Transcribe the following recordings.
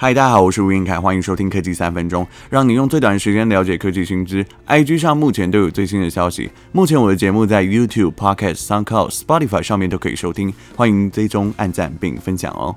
嗨，大家好，我是吳雲凱，歡迎收聽科技三分鐘，讓你用最短的時間了解科技新知。IG 上目前都有最新的消息。目前我的節目在 YouTube、Podcast、SoundCloud、Spotify 上面都可以收聽，歡迎追蹤、按贊並分享哦。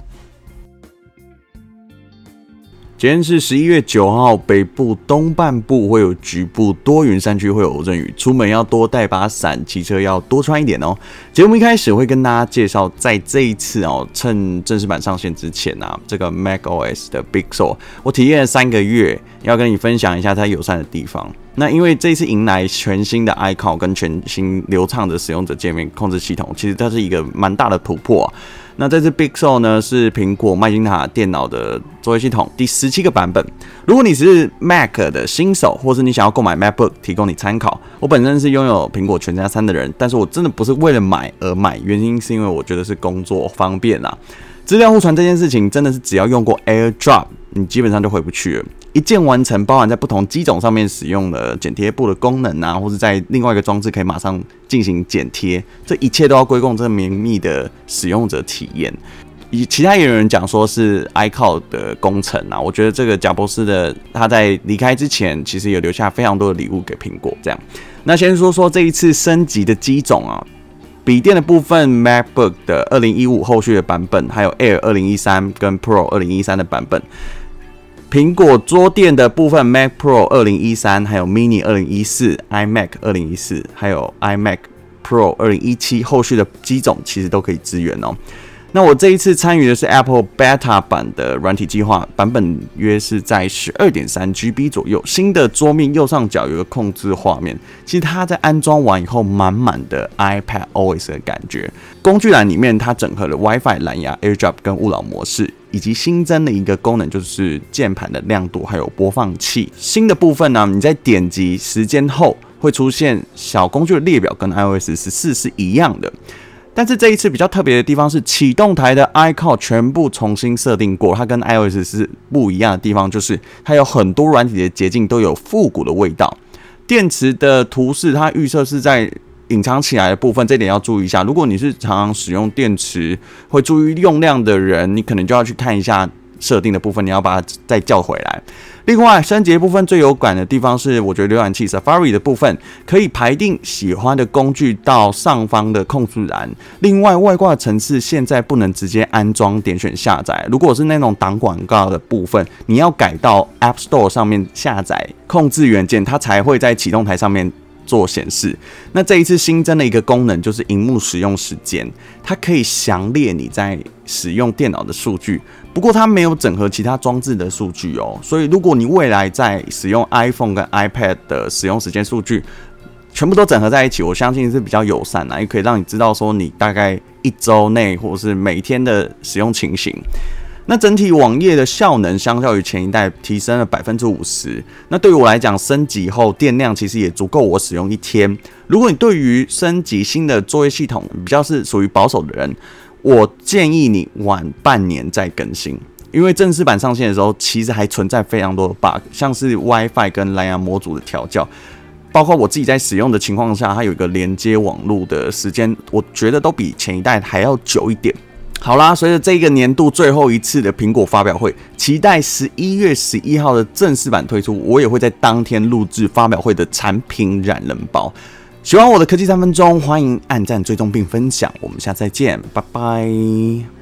今天是十一月九號，北部東半部會有局部多雲，山區會有陣雨，出門要多帶把傘，騎車要多穿一點哦。節目一開始會跟大家介紹，在這一次哦，趁正式版上線之前啊，這個 Mac OS 的 Big Sur，我體驗了三個月，要跟你分享一下它友善的地方。那因為這次迎來全新的 icon 跟全新流暢的使用者界面、控制系統，其實它是一個蠻大的突破啊。那這次 Big Sur 呢，是蘋果麥金塔電腦的作業系統第十七個版本。如果你是 Mac 的新手，或是你想要購買 MacBook，提供你參考。我本身是擁有蘋果全家三的人，但是我真的不是為了買而買，原因是因為我覺得是工作方便啊。資料互傳這件事情，真的是只要用過 AirDrop，你基本上就回不去了。一鍵完成，包含在不同機種上面使用的剪貼簿的功能啊，或是在另外一個裝置可以馬上進行剪貼，這一切都要歸功這個綿密的使用者體驗。以其他也有人講說是 iCloud 的工程啊，我覺得這個賈博士的他在離開之前，其實也留下非常多的禮物給蘋果。這樣，那先說說這一次升級的機種啊，筆電的部分 MacBook 的二零一五後續的版本，還有 Air 二零一三跟 Pro 二零一三的版本。蘋果桌電的部分，Mac Pro 二零一三，還有 Mini 二零一四，iMac 二零一四，還有 iMac Pro 二零一七，後續的機種其實都可以支援哦。那我這一次參與的是 Apple Beta 版的軟體計劃，版本約是在十二點三 GB 左右。新的桌面右上角有個控制畫面，其實它在安裝完以後，滿滿的 iPad OS 的感覺。工具欄裡面，它整合了 Wi-Fi、藍牙、AirDrop、跟勿擾模式，以及新增的一個功能就是鍵盤的亮度，還有播放器。新的部分呢、啊，你在點擊時間後會出現小工具的列表，跟 iOS 十四是一樣的。但是這一次比較特別的地方是啟動台的 icon 全部重新設定過，它跟 iOS 是不一樣的地方，就是它有很多軟體的捷徑都有復古的味道。電池的圖示，它預設是在隱藏起來的部分，這點要注意一下。如果你是常常使用電池會注意用量的人，你可能就要去看一下。設定的部分你要把它再叫回來。另外升級部分最有感的地方是，我覺得瀏覽器 Safari 的部分可以排定喜歡的工具到上方的控制欄。另外外掛的程式現在不能直接安裝點選下載，如果是那種擋廣告的部分，你要改到 App Store 上面下載控制元件，它才會在啟動台上面做顯示，那這一次新增的一個功能就是螢幕使用時間，它可以詳列你在使用電腦的數據。不過它沒有整合其他裝置的數據哦，所以如果你未來在使用 iPhone 跟 iPad 的使用時間數據全部都整合在一起，我相信是比較友善的，也可以讓你知道說你大概一周內或者是每天的使用情形。那整體網頁的效能相較於前一代提升了百分之五十。那對於我來講，升級後電量其實也足夠我使用一天。如果你對於升級新的作業系統比較是屬於保守的人，我建議你晚半年再更新，因為正式版上線的時候，其實還存在非常多的 bug，像是 Wi-Fi 跟藍牙模組的調校。包括我自己在使用的情況下，它有一個連接網絡的時間，我覺得都比前一代還要久一點。好啦，隨着這個年度最後一次的蘋果發表會，期待十一月十一號的正式版推出。我也會在當天錄製發表會的產品懶人包。喜歡我的科技三分鐘，歡迎按讚、追蹤並分享。我們下次再見，拜拜。